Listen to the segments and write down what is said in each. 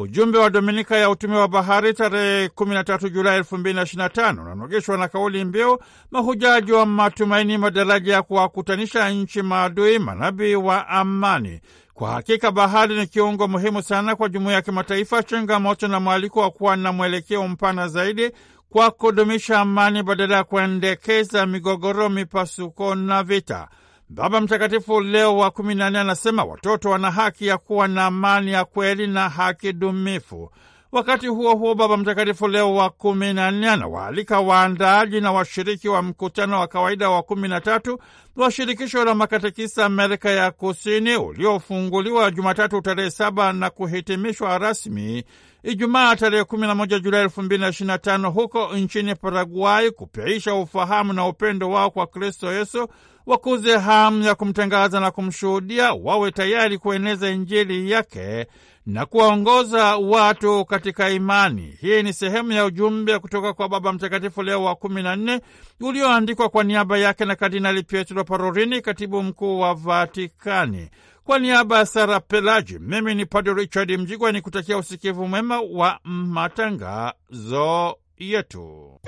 Ujumbe wa Dominika ya utume wa bahari tarehe 13 Julai 2025 unanogeshwa na kauli mbiu mahujaji wa matumaini, madaraja ya kuwakutanisha nchi maadui, manabii wa amani. Kwa hakika bahari ni kiungo muhimu sana kwa jumuiya ya kimataifa, changamoto na mwaliko wa kuwa na mwelekeo mpana zaidi kwa kudumisha amani badala ya kuendekeza migogoro, mipasuko na vita. Baba Mtakatifu Leo wa kumi na nne anasema watoto wana haki ya kuwa na amani ya kweli na haki dumifu. Wakati huo huo, Baba Mtakatifu Leo wa kumi na nne anawaalika waandaaji na washiriki wa mkutano wa kawaida wa kumi na tatu wa shirikisho la makatekisa Amerika ya Kusini uliofunguliwa Jumatatu tarehe saba na kuhitimishwa rasmi Ijumaa tarehe 11 Julai 2025 huko nchini Paraguay kupiisha ufahamu na upendo wao kwa Kristo Yesu, wakuze hamu ya kumtangaza na kumshuhudia, wawe tayari kueneza Injili yake na kuwaongoza watu katika imani. Hii ni sehemu ya ujumbe kutoka kwa Baba Mtakatifu Leo wa kumi na nne ulioandikwa kwa niaba yake na Kardinali Pietro parorini katibu mkuu wa Vatikani. Kwa niaba ya Sara Pelaji, mimi ni Padre Richard Mjigwa ni kutakia usikivu mwema wa matangazo yetu.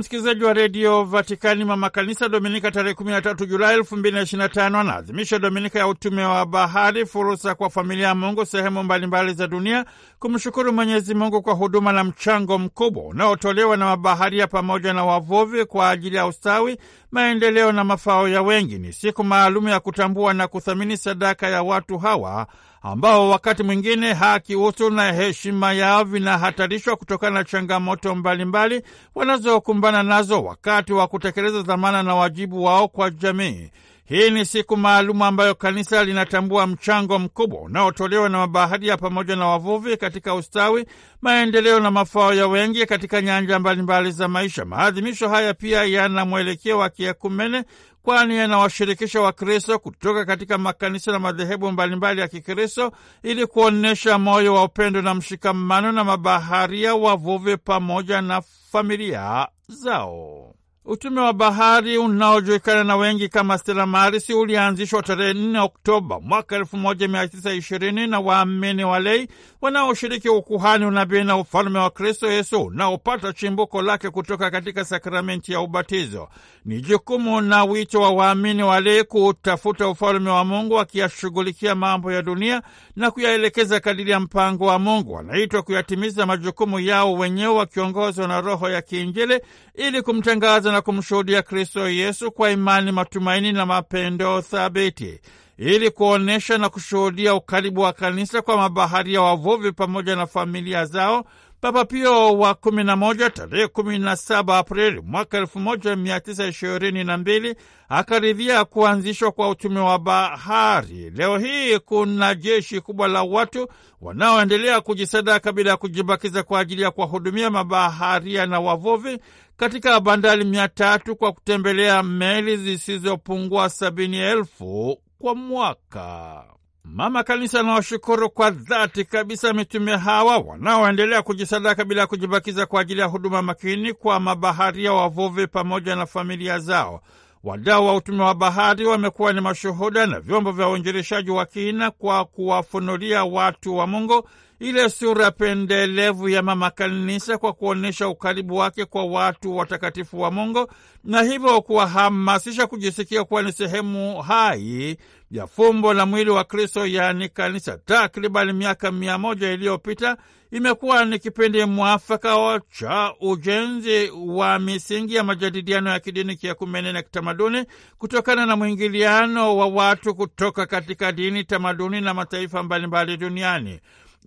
msikilizaji wa redio Vatikani, mama kanisa Dominika tarehe 13 Julai 2025 anaadhimisha Dominika ya utume wa bahari, fursa kwa familia ya Mungu sehemu mbalimbali za dunia kumshukuru Mwenyezi Mungu kwa huduma na mchango mkubwa unaotolewa na mabaharia pamoja na wavuvi kwa ajili ya ustawi, maendeleo na mafao ya wengi. Ni siku maalumu ya kutambua na kuthamini sadaka ya watu hawa ambao wakati mwingine haki, utu na heshima yao vinahatarishwa kutokana na changamoto mbalimbali wanazokumbana nazo wakati wa kutekeleza dhamana na wajibu wao kwa jamii. Hii ni siku maalumu ambayo kanisa linatambua mchango mkubwa unaotolewa na mabaharia pamoja na wavuvi katika ustawi, maendeleo na mafao ya wengi katika nyanja mbalimbali za maisha. Maadhimisho haya pia yana mwelekeo wa kiekumene, kwani yanawashirikisha Wakristo kutoka katika makanisa na madhehebu mbalimbali ya Kikristo ili kuonyesha moyo wa upendo na mshikamano na mabaharia, wavuvi pamoja na familia zao. Utume wa bahari unaojulikana na wengi kama Stella Maris ulianzishwa tarehe 4 Oktoba mwaka 1920 na waamini walei wanaoshiriki ukuhani, unabii na ufalme wa Kristo Yesu unaopata chimbuko lake kutoka katika sakramenti ya ubatizo. Ni jukumu na wito wa waamini walei kutafuta ufalme wa Mungu, wakiyashughulikia mambo ya dunia na kuyaelekeza kadiri ya mpango wa Mungu. Wanaitwa kuyatimiza majukumu yao wenyewe wakiongozwa na Roho ya kiinjili ili kumtangaza kumwiga na kumshuhudia Kristo Yesu kwa imani, matumaini na mapendo thabiti, ili kuonyesha na kushuhudia ukaribu wa kanisa kwa mabaharia, wavuvi pamoja na familia zao Papa Pio wa 11 tarehe 17 Aprili mwaka 1922 akaridhia kuanzishwa kwa utume wa bahari. Leo hii kuna jeshi kubwa la watu wanaoendelea kujisadaka bila ya kujibakiza kwa ajili ya kuwahudumia mabaharia na wavuvi katika bandari mia tatu kwa kutembelea meli zisizopungua sabini elfu kwa mwaka. Mama Kanisa anawashukuru kwa dhati kabisa mitume hawa wanaoendelea kujisadaka bila kujibakiza kwa ajili ya huduma makini kwa mabaharia, wavuvi pamoja na familia zao. Wadau wa utume wa bahari wamekuwa ni mashuhuda na vyombo vya uinjirishaji wa kina kwa kuwafunulia watu wa Mungu ile sura pendelevu ya mama kanisa kwa kuonyesha ukaribu wake kwa watu watakatifu wa Mungu na hivyo kuwahamasisha kujisikia kuwa ni sehemu hai ya fumbo la mwili wa Kristo, yaani kanisa. Takribani miaka mia moja iliyopita imekuwa ni kipindi mwafaka cha ujenzi wa misingi ya majadiliano ya kidini, kumene na kitamaduni kutokana na mwingiliano wa watu kutoka katika dini, tamaduni na mataifa mbalimbali duniani.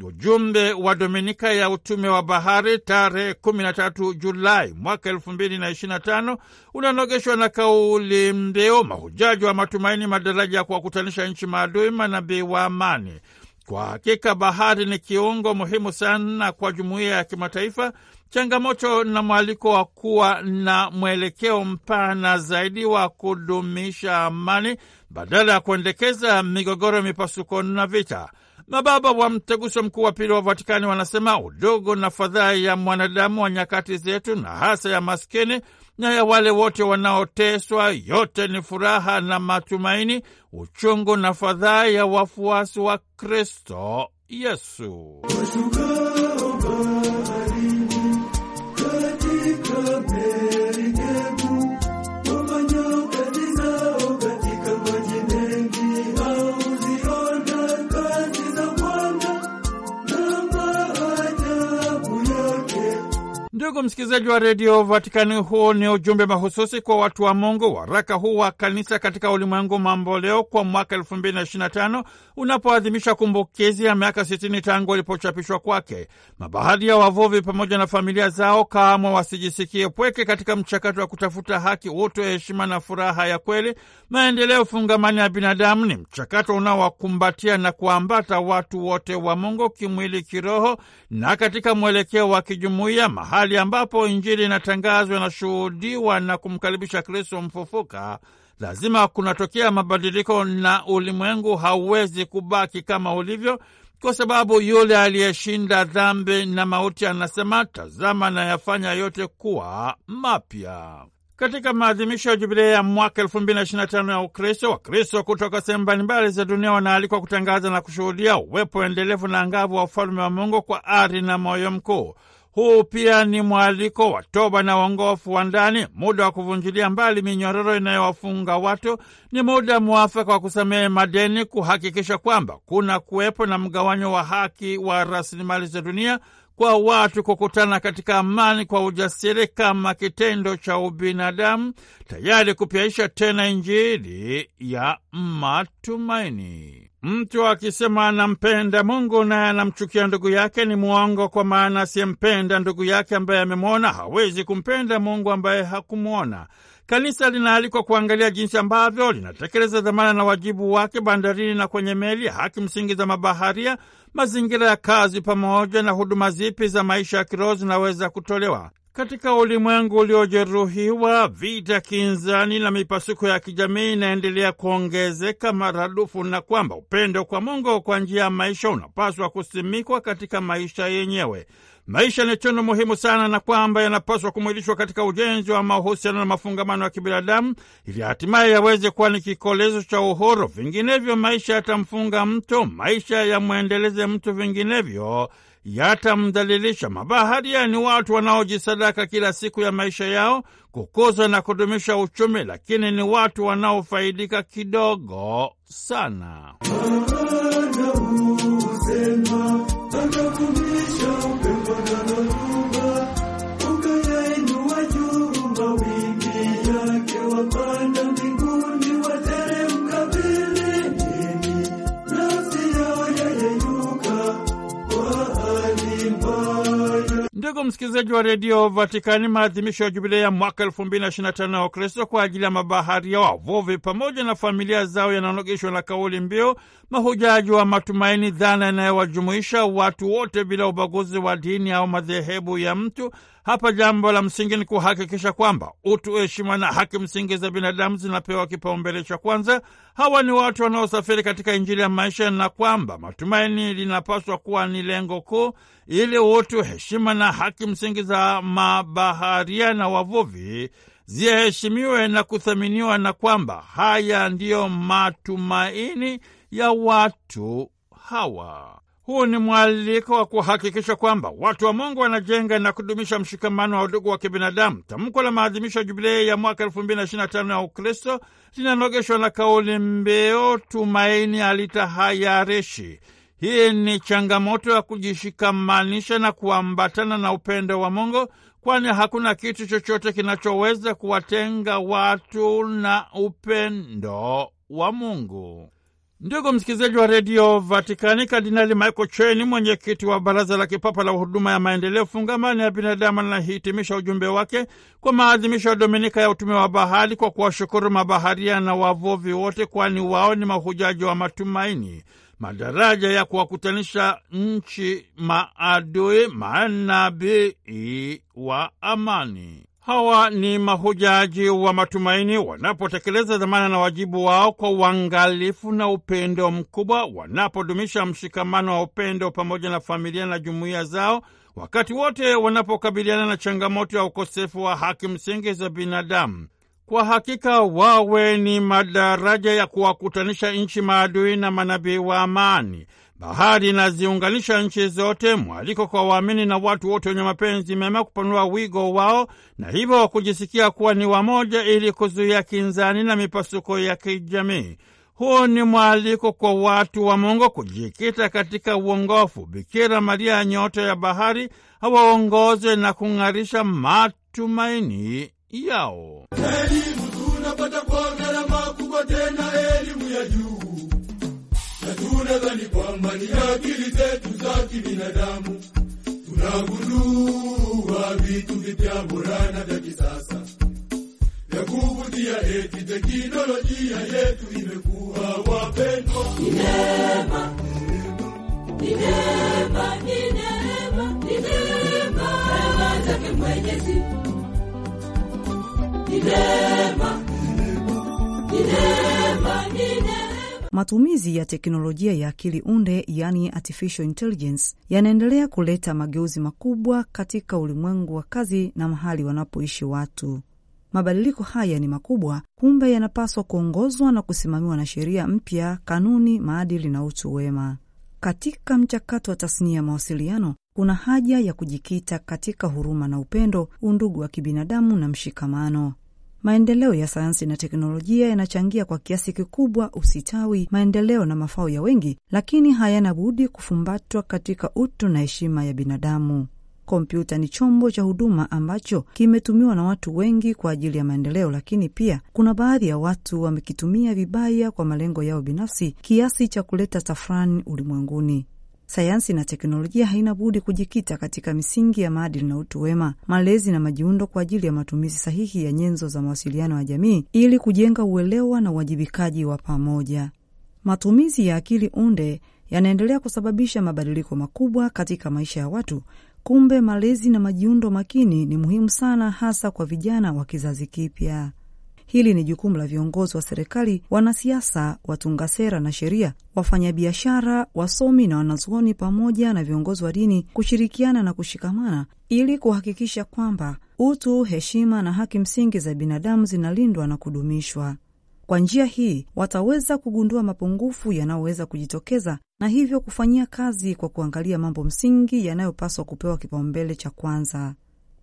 Ujumbe wa Dominika ya utume wa bahari tarehe 13 Julai mwaka 2025 unanogeshwa na kauli mbiu mahujaji wa matumaini, madaraja ya kuwakutanisha nchi maadui, manabii wa amani. Kwa hakika bahari ni kiungo muhimu sana kwa jumuiya ya kimataifa, changamoto na mwaliko wa kuwa na mwelekeo mpana zaidi wa kudumisha amani badala ya kuendekeza migogoro, mipasuko na vita. Mababa wa Mtaguso Mkuu wa Pili wa Vatikani wanasema udogo na fadhaa ya mwanadamu wa nyakati zetu na hasa ya maskini na ya wale wote wanaoteswa, yote ni furaha na matumaini, uchungu na fadhaa ya wafuasi wa Kristo Yesu. Ndugu msikilizaji wa redio Vatikani, huu ni ujumbe mahususi kwa watu wa Mungu. Waraka huu wa kanisa katika ulimwengu mamboleo kwa mwaka elfu mbili na na tano unapoadhimisha kumbukizi ya miaka sitini tangu alipochapishwa kwake. mabaadhi ya wavuvi pamoja na familia zao kamwe wasijisikie pweke katika mchakato wa kutafuta haki, utu, heshima na furaha ya kweli. Maendeleo fungamani ya binadamu ni mchakato unaowakumbatia na kuambata watu wote wa Mungu kimwili, kiroho na katika mwelekeo wa kijumuiya mahali ambapo Injili inatangazwa, inashuhudiwa na kumkaribisha Kristo mfufuka, lazima kunatokea mabadiliko, na ulimwengu hauwezi kubaki kama ulivyo, kwa sababu yule aliyeshinda dhambi na mauti anasema, tazama nayafanya yote kuwa mapya. Katika maadhimisho ya jubilei ya mwaka elfu mbili na ishirini na tano ya Ukristo, Wakristo kutoka sehemu mbalimbali za dunia wanaalikwa kutangaza na kushuhudia uwepo endelevu na angavu wa ufalume wa Mungu kwa ari na moyo mkuu. Huu pia ni mwaliko wa toba na uongofu wa ndani, muda wa kuvunjilia mbali minyororo inayowafunga watu. Ni muda mwafaka wa kusamehe madeni, kuhakikisha kwamba kuna kuwepo na mgawanyo wa haki wa rasilimali za dunia kwa watu kukutana katika amani kwa ujasiri kama kitendo cha ubinadamu, tayari kupyaisha tena Injili ya matumaini. Mtu akisema anampenda Mungu naye anamchukia ndugu yake ni mwongo, kwa maana asiyempenda ndugu yake ambaye amemwona hawezi kumpenda Mungu ambaye hakumwona. Kanisa linaalikwa kuangalia jinsi ambavyo linatekeleza dhamana na wajibu wake bandarini na kwenye meli, haki msingi za mabaharia, mazingira ya kazi, pamoja na huduma zipi za maisha ya kiroho zinaweza kutolewa katika ulimwengu uliojeruhiwa. Vita, kinzani na mipasuko ya kijamii inaendelea kuongezeka maradufu, na kwamba upendo kwa Mungu kwa njia ya maisha unapaswa kusimikwa katika maisha yenyewe maisha ni tunu muhimu sana na kwamba yanapaswa kumwilishwa katika ujenzi wa mahusiano na mafungamano ya kibinadamu ili hatimaye yaweze kuwa ni kikolezo cha uhuru. Vinginevyo maisha yatamfunga mtu, maisha yamwendeleze mtu, vinginevyo yatamdhalilisha. Mabaharia ni watu wanaojisadaka kila siku ya maisha yao kukuza na kudumisha uchumi, lakini ni watu wanaofaidika kidogo sana Ndugu msikilizaji wa redio Vatikani, maadhimisho ya jubilei ya mwaka elfu mbili na ishirini na tano ya Ukristo kwa ajili ya mabaharia, wavuvi pamoja na familia zao yananogeshwa na kauli mbiu mahujaji wa matumaini, dhana inayowajumuisha watu wote bila ubaguzi wa dini au madhehebu ya mtu, hapa jambo la msingi ni kuhakikisha kwamba utu, heshima na haki msingi za binadamu zinapewa kipaumbele cha kwanza. Hawa ni watu wanaosafiri katika Injili ya maisha, na kwamba matumaini linapaswa kuwa ni lengo kuu, ili utu, heshima na haki msingi za mabaharia na wavuvi ziheshimiwe na kuthaminiwa, na kwamba haya ndiyo matumaini ya watu hawa. Huu ni mwaliko wa kuhakikisha kwamba watu wa Mungu wanajenga na kudumisha mshikamano wa udugu wa kibinadamu. Tamko la maadhimisho ya jubilei ya mwaka elfu mbili na na tano ya Ukristo linanogeshwa na kauli mbiu tumaini halitahayarishi. Hii ni changamoto ya kujishikamanisha na kuambatana na upendo wa Mungu, kwani hakuna kitu chochote kinachoweza kuwatenga watu na upendo wa Mungu. Ndugu msikilizaji wa redio Vatikani, Kardinali Michael Cheni, mwenyekiti wa baraza la kipapa la huduma ya maendeleo fungamani ya binadamu, anahitimisha ujumbe wake kwa maadhimisho ya Dominika ya utume wa bahari kwa kuwashukuru mabaharia na wavuvi wote, kwani wao ni mahujaji wa matumaini, madaraja ya kuwakutanisha nchi, maadui, manabii wa amani. Hawa ni mahujaji wa matumaini wanapotekeleza dhamana na wajibu wao kwa uangalifu na upendo mkubwa, wanapodumisha mshikamano wa upendo pamoja na familia na jumuiya zao, wakati wote wanapokabiliana na changamoto ya ukosefu wa haki msingi za binadamu. Kwa hakika wawe ni madaraja ya kuwakutanisha nchi maadui na manabii wa amani. Bahari inaziunganisha nchi zote, mwaliko kwa waamini na watu wote wenye mapenzi mema kupanua wigo wao na hivyo kujisikia kuwa ni wamoja, ili kuzuia kinzani na mipasuko ya kijamii. Huu ni mwaliko kwa watu wa Mungu kujikita katika uongofu. Bikira Maria, nyota ya bahari, awaongoze na kung'arisha matumaini yao. Elimu tunapata kwa gharama kubwa, tena elimu ya juu unadhani kwamba ni akili zetu za kibinadamu. Tunagundua vitu vipya bora na vya kisasa vya kuvutia, eti teknolojia yetu imekuwa wapendwa, ni neema, ni neema, ni neema, ni neema zake Mwenyezi, ni neema, ni neema, ni neema Matumizi ya teknolojia ya akili unde, yani artificial intelligence, yanaendelea kuleta mageuzi makubwa katika ulimwengu wa kazi na mahali wanapoishi watu. Mabadiliko haya ni makubwa, kumbe yanapaswa kuongozwa na kusimamiwa na sheria mpya, kanuni, maadili na utu wema. Katika mchakato wa tasnia ya mawasiliano kuna haja ya kujikita katika huruma na upendo, undugu wa kibinadamu na mshikamano. Maendeleo ya sayansi na teknolojia yanachangia kwa kiasi kikubwa usitawi, maendeleo na mafao ya wengi, lakini hayana budi kufumbatwa katika utu na heshima ya binadamu. Kompyuta ni chombo cha huduma ambacho kimetumiwa na watu wengi kwa ajili ya maendeleo, lakini pia kuna baadhi ya watu wamekitumia vibaya kwa malengo yao binafsi kiasi cha kuleta tafrani ulimwenguni. Sayansi na teknolojia haina budi kujikita katika misingi ya maadili na utu wema, malezi na majiundo kwa ajili ya matumizi sahihi ya nyenzo za mawasiliano ya jamii ili kujenga uelewa na uwajibikaji wa pamoja. Matumizi ya akili unde yanaendelea kusababisha mabadiliko makubwa katika maisha ya watu. Kumbe malezi na majiundo makini ni muhimu sana, hasa kwa vijana wa kizazi kipya. Hili ni jukumu la viongozi wa serikali, wanasiasa, watunga sera na sheria, wafanyabiashara, wasomi na wanazuoni, pamoja na viongozi wa dini kushirikiana na kushikamana ili kuhakikisha kwamba utu, heshima na haki msingi za binadamu zinalindwa na kudumishwa. Kwa njia hii wataweza kugundua mapungufu yanayoweza kujitokeza na hivyo kufanyia kazi kwa kuangalia mambo msingi yanayopaswa kupewa kipaumbele cha kwanza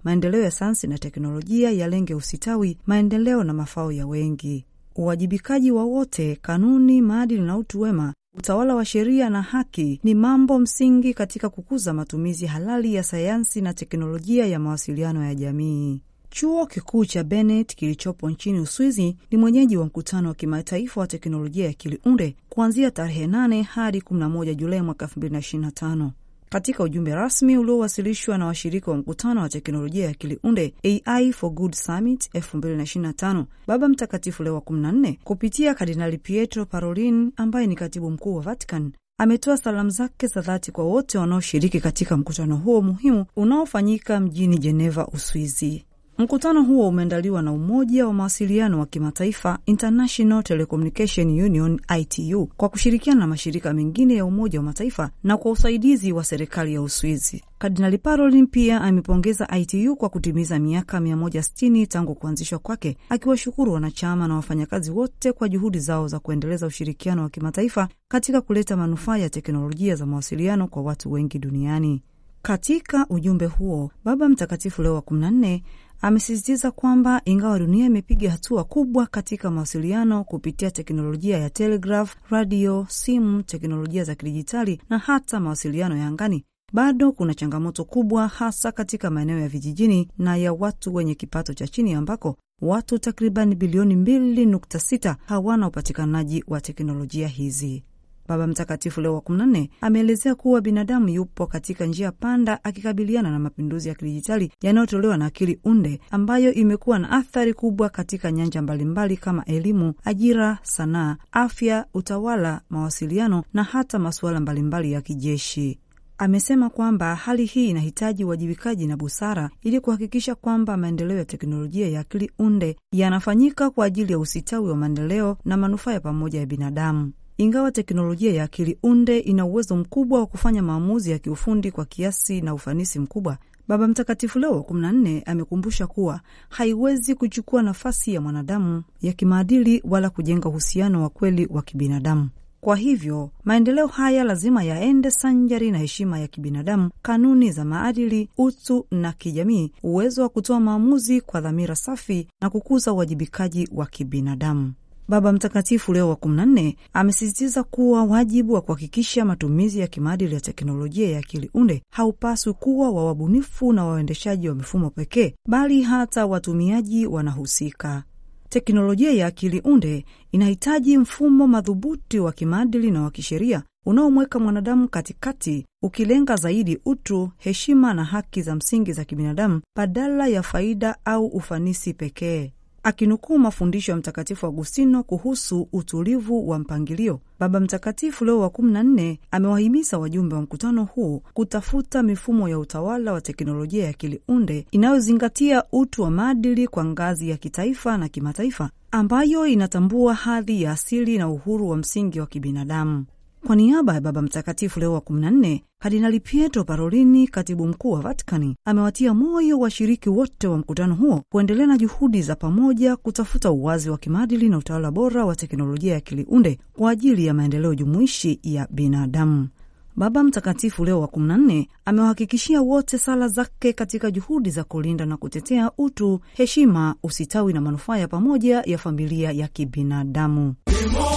maendeleo ya sayansi na teknolojia yalenge usitawi, maendeleo na mafao ya wengi, uwajibikaji wa wote, kanuni, maadili na utu wema utawala wa sheria na haki ni mambo msingi katika kukuza matumizi halali ya sayansi na teknolojia ya mawasiliano ya jamii. Chuo kikuu cha benet kilichopo nchini Uswizi ni mwenyeji wa mkutano wa kimataifa wa teknolojia ya kiliunde unde kuanzia tarehe 8 hadi 11 Julai mwaka 2025. Katika ujumbe rasmi uliowasilishwa na washirika wa mkutano wa teknolojia ya akili unde AI for Good Summit 2025 Baba Mtakatifu Leo wa 14 kupitia Kardinali Pietro Parolin ambaye ni katibu mkuu wa Vatican ametoa salamu zake za dhati kwa wote wanaoshiriki katika mkutano huo muhimu unaofanyika mjini Jeneva, Uswizi. Mkutano huo umeandaliwa na Umoja wa Mawasiliano wa Kimataifa, International Telecommunication Union, ITU, kwa kushirikiana na mashirika mengine ya Umoja wa Mataifa na kwa usaidizi wa serikali ya Uswizi. Kardinali Parolin pia amepongeza ITU kwa kutimiza miaka 160 tangu kuanzishwa kwake, akiwashukuru wanachama na wafanyakazi wote kwa juhudi zao za kuendeleza ushirikiano wa kimataifa katika kuleta manufaa ya teknolojia za mawasiliano kwa watu wengi duniani. Katika ujumbe huo, Baba Mtakatifu Leo wa 14 amesisitiza kwamba ingawa dunia imepiga hatua kubwa katika mawasiliano kupitia teknolojia ya telegraf, radio, simu, teknolojia za kidijitali na hata mawasiliano ya angani, bado kuna changamoto kubwa, hasa katika maeneo ya vijijini na ya watu wenye kipato cha chini ambako watu takriban bilioni 2.6 hawana upatikanaji wa teknolojia hizi. Baba Mtakatifu Leo wa 14 ameelezea kuwa binadamu yupo katika njia panda akikabiliana na mapinduzi ya kidijitali yanayotolewa na akili unde ambayo imekuwa na athari kubwa katika nyanja mbalimbali kama elimu, ajira, sanaa, afya, utawala, mawasiliano na hata masuala mbalimbali ya kijeshi. Amesema kwamba hali hii inahitaji uwajibikaji na busara ili kuhakikisha kwamba maendeleo ya teknolojia ya akili unde yanafanyika kwa ajili ya usitawi wa maendeleo na manufaa ya pamoja ya binadamu. Ingawa teknolojia ya akili unde ina uwezo mkubwa wa kufanya maamuzi ya kiufundi kwa kiasi na ufanisi mkubwa, Baba Mtakatifu Leo wa nne amekumbusha kuwa haiwezi kuchukua nafasi ya mwanadamu ya kimaadili wala kujenga uhusiano wa kweli wa kibinadamu. Kwa hivyo maendeleo haya lazima yaende sanjari na heshima ya kibinadamu, kanuni za maadili, utu na kijamii, uwezo wa kutoa maamuzi kwa dhamira safi na kukuza uwajibikaji wa kibinadamu. Baba Mtakatifu Leo wa 14 amesisitiza kuwa wajibu wa kuhakikisha matumizi ya kimaadili ya teknolojia ya akili unde haupaswi kuwa wa wabunifu na waendeshaji wa mifumo pekee, bali hata watumiaji wanahusika. Teknolojia ya akili unde inahitaji mfumo madhubuti wa kimaadili na wa kisheria unaomweka mwanadamu katikati, ukilenga zaidi utu, heshima na haki za msingi za kibinadamu badala ya faida au ufanisi pekee. Akinukuu mafundisho ya Mtakatifu Agustino kuhusu utulivu wa mpangilio, Baba Mtakatifu Leo wa 14 amewahimiza wajumbe wa mkutano huu kutafuta mifumo ya utawala wa teknolojia ya kiliunde inayozingatia utu wa maadili kwa ngazi ya kitaifa na kimataifa, ambayo inatambua hadhi ya asili na uhuru wa msingi wa kibinadamu. Kwa niaba ya Baba Mtakatifu Leo wa 14, Kardinali Pietro Parolini, katibu mkuu wa Vatikani, amewatia moyo washiriki wote wa mkutano huo kuendelea na juhudi za pamoja kutafuta uwazi wa kimaadili na utawala bora wa teknolojia ya akili unde kwa ajili ya maendeleo jumuishi ya binadamu. Baba Mtakatifu Leo wa 14 amewahakikishia wote sala zake katika juhudi za kulinda na kutetea utu, heshima, usitawi na manufaa ya pamoja ya familia ya kibinadamu. Ni moja,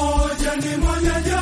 ni moja,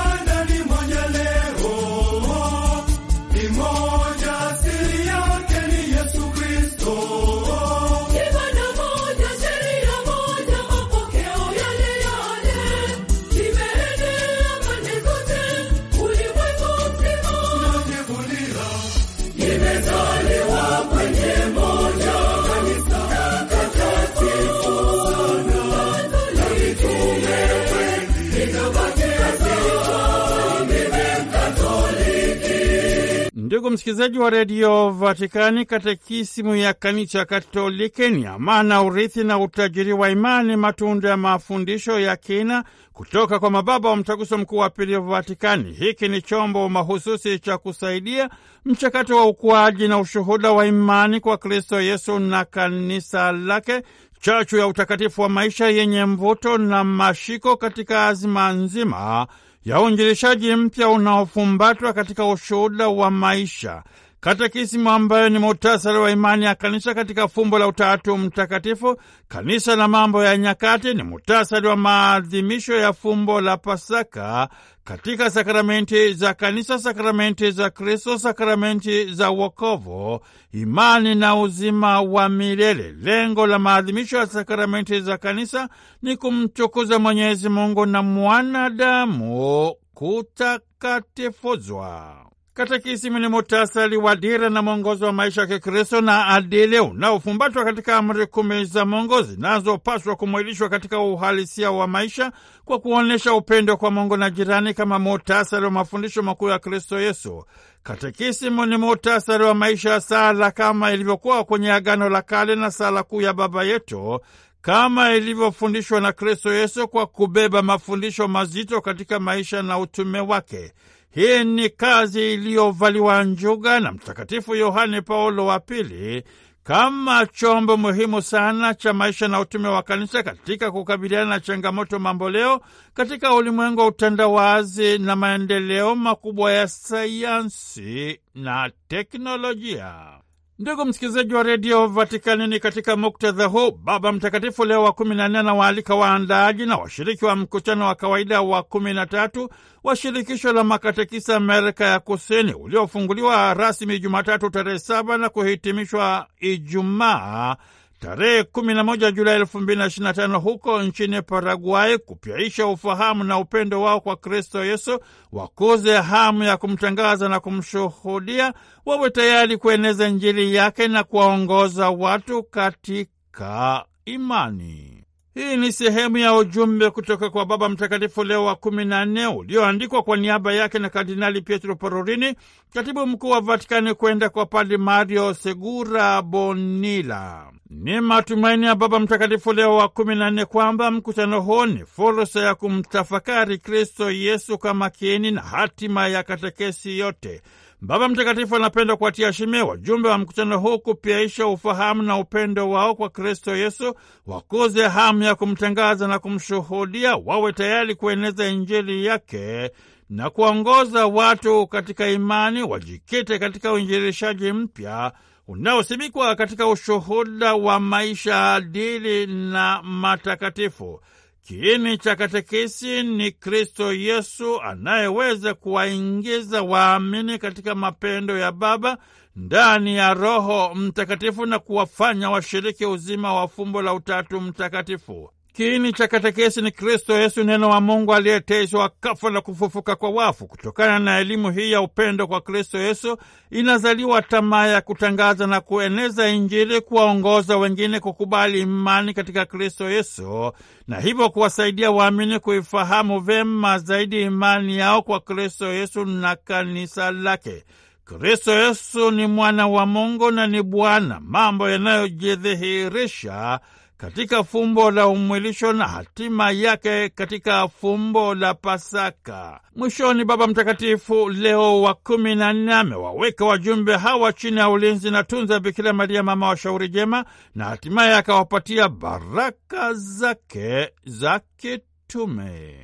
msikilizaji wa redio Vatikani, katekisimu ya kanisa Katoliki ni amana, urithi na utajiri wa imani, matunda ya mafundisho ya kina kutoka kwa mababa wa mtaguso mkuu wa pili wa Vatikani. Hiki ni chombo mahususi cha kusaidia mchakato wa ukuaji na ushuhuda wa imani kwa Kristo Yesu na kanisa lake, chachu ya utakatifu wa maisha yenye mvuto na mashiko katika azima nzima ya uinjilishaji mpya unaofumbatwa katika ushuhuda wa maisha katekisimu ambayo ni muhtasari wa imani ya kanisa katika fumbo la Utatu Mtakatifu, kanisa na mambo ya nyakati, ni muhtasari wa maadhimisho ya fumbo la Pasaka katika sakramenti za kanisa, sakramenti za Kristo, sakramenti za wokovu, imani na uzima wa milele. Lengo la maadhimisho ya sakramenti za kanisa ni kumtukuza Mwenyezi Mungu na mwanadamu kutakatifuzwa. Katekisimu ni mutasali wa dira na mwongozo wa maisha ya Kikristo na adili unaofumbatwa katika amri kumi za Mungu zinazopaswa kumwilishwa katika uhalisia wa maisha kwa kuonyesha upendo kwa Mungu na jirani kama mutasali wa mafundisho makuu ya Kristo Yesu. Katekisimu ni muhtasari wa maisha ya sala kama ilivyokuwa kwenye Agano la Kale na sala kuu ya Baba yetu kama ilivyofundishwa na Kristo Yesu kwa kubeba mafundisho mazito katika maisha na utume wake. Hii ni kazi iliyovaliwa njuga na Mtakatifu Yohane Paulo wa Pili kama chombo muhimu sana cha maisha na utume wa kanisa katika kukabiliana na changamoto mamboleo katika ulimwengu wa utandawazi na maendeleo makubwa ya sayansi na teknolojia. Ndugu msikilizaji wa redio Vatikani, ni katika muktadha huu Baba Mtakatifu Leo wa kumi na nne anawaalika waandaaji na washiriki wa mkutano wa kawaida wa kumi na tatu wa shirikisho la makatekisa Amerika ya Kusini uliofunguliwa rasmi Jumatatu tarehe saba na kuhitimishwa Ijumaa tarehe 11 Julai 2025 huko nchini Paraguay kupyaisha ufahamu na upendo wao kwa Kristo Yesu, wakuze hamu ya kumtangaza na kumshuhudia, wawe tayari kueneza Injili yake na kuwaongoza watu katika imani. Hii ni sehemu ya ujumbe kutoka kwa Baba Mtakatifu Leo wa kumi na nne ulioandikwa kwa niaba yake na Kardinali Pietro parorini katibu mkuu wa Vatikani, kwenda kwa Padri Mario Segura Bonilla. Ni matumaini ya Baba Mtakatifu Leo wa kumi na nne kwamba mkutano huo ni fursa ya kumtafakari Kristo Yesu kama kiini na hatima ya katekesi yote. Baba Mtakatifu anapenda kuwatia shime wajumbe wa mkutano huu kupyaisha ufahamu na upendo wao kwa Kristo Yesu, wakuze hamu ya kumtangaza na kumshuhudia, wawe tayari kueneza Injili yake na kuongoza watu katika imani, wajikite katika uinjilishaji mpya unaosimikwa katika ushuhuda wa maisha adili na matakatifu. Kiini cha katekesi ni Kristo Yesu anayeweza kuwaingiza waamini katika mapendo ya Baba ndani ya Roho Mtakatifu na kuwafanya washiriki uzima wa fumbo la Utatu Mtakatifu. Kiini cha katekesi ni Kristo Yesu, neno wa Mungu aliyeteswa kafa na kufufuka kwa wafu. Kutokana na elimu hii ya upendo kwa Kristo Yesu, inazaliwa tamaa ya kutangaza na kueneza Injili, kuwaongoza wengine kukubali imani katika Kristo Yesu, na hivyo kuwasaidia waamini kuifahamu vema zaidi imani yao kwa Kristo Yesu na kanisa lake. Kristo Yesu ni mwana wa Mungu na ni Bwana, mambo yanayojidhihirisha katika fumbo la umwilisho na hatima yake katika fumbo la Pasaka. Mwishoni, Baba Mtakatifu Leo wa kumi na nne amewaweka wajumbe hawa chini ya ulinzi na tunza Bikira Maria, mama wa shauri jema, na hatimaye akawapatia baraka zake za kitume.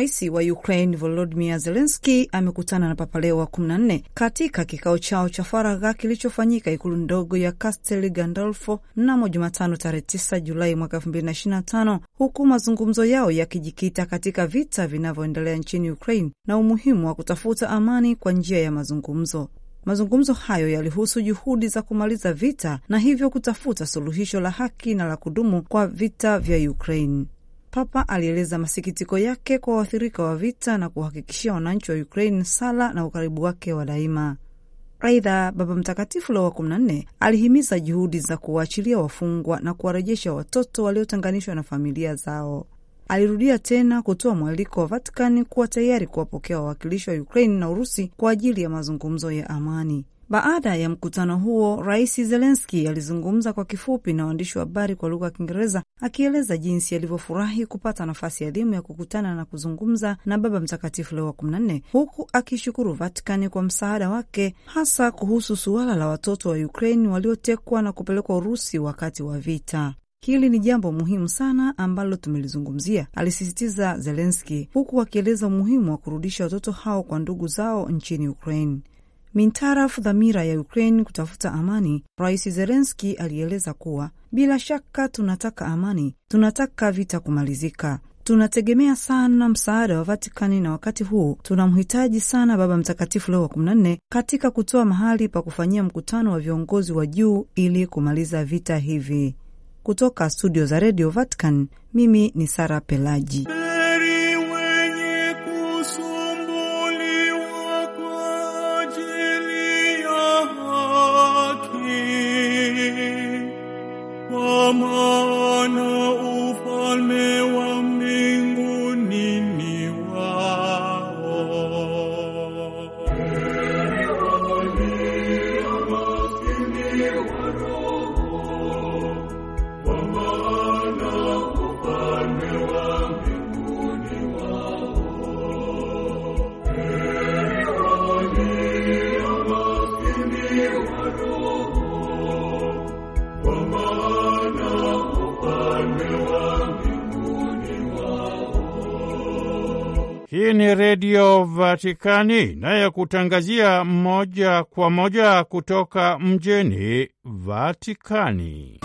Rais wa Ukraine Volodimir Zelenski amekutana na Papa Leo wa 14 katika kikao chao cha faragha kilichofanyika ikulu ndogo ya Castel Gandolfo mnamo Jumatano tarehe 9 Julai mwaka 2025 huku mazungumzo yao yakijikita katika vita vinavyoendelea nchini Ukraine na umuhimu wa kutafuta amani kwa njia ya mazungumzo. Mazungumzo hayo yalihusu juhudi za kumaliza vita na hivyo kutafuta suluhisho la haki na la kudumu kwa vita vya Ukraine. Papa alieleza masikitiko yake kwa waathirika wa vita na kuhakikishia wananchi wa Ukraine sala na ukaribu wake wa daima. Aidha, Baba Mtakatifu Leo wa 14 alihimiza juhudi za kuwaachilia wafungwa na kuwarejesha watoto waliotenganishwa na familia zao. Alirudia tena kutoa mwaliko wa Vatikani kuwa tayari kuwapokea wawakilishi wa Ukraine na Urusi kwa ajili ya mazungumzo ya amani. Baada ya mkutano huo, Rais Zelenski alizungumza kwa kifupi na waandishi wa habari kwa lugha ya Kiingereza akieleza jinsi alivyofurahi kupata nafasi adhimu ya kukutana na kuzungumza na Baba Mtakatifu Leo wa kumi na nne, huku akishukuru Vatikani kwa msaada wake hasa kuhusu suala la watoto wa Ukraini waliotekwa na kupelekwa Urusi wakati wa vita. Hili ni jambo muhimu sana ambalo tumelizungumzia, alisisitiza Zelenski, huku akieleza umuhimu wa kurudisha watoto hao kwa ndugu zao nchini ukraini Mintarafu dhamira ya Ukraine kutafuta amani, Rais Zelenski alieleza kuwa bila shaka tunataka amani, tunataka vita kumalizika. Tunategemea sana msaada wa Vatikani na wakati huu tunamhitaji sana Baba Mtakatifu Leo wa 14 katika kutoa mahali pa kufanyia mkutano wa viongozi wa juu ili kumaliza vita hivi. Kutoka studio za redio Vatican, mimi ni Sara Pelaji. hii ni Redio Vatikani inayokutangazia moja kwa moja kutoka mjini Vatikani.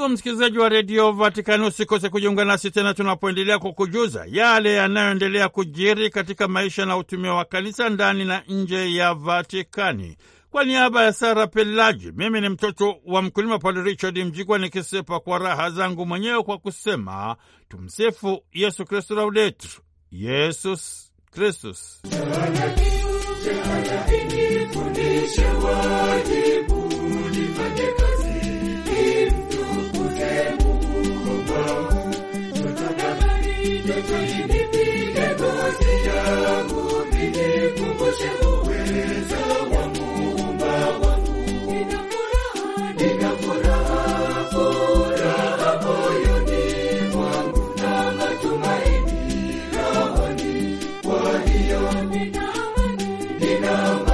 Ndugu msikilizaji wa redio Vatikani, usikose kujiunga nasi tena tunapoendelea kukujuza yale yanayoendelea kujiri katika maisha na utumia wa kanisa ndani na nje ya Vatikani. Kwa niaba ya Sara Pelaji, mimi ni mtoto wa mkulima Padre Richard Mjigwa, nikisepa kwa raha zangu mwenyewe kwa kusema tumsifu Yesu Kristu, laudetur Yesus Kristus. Mario.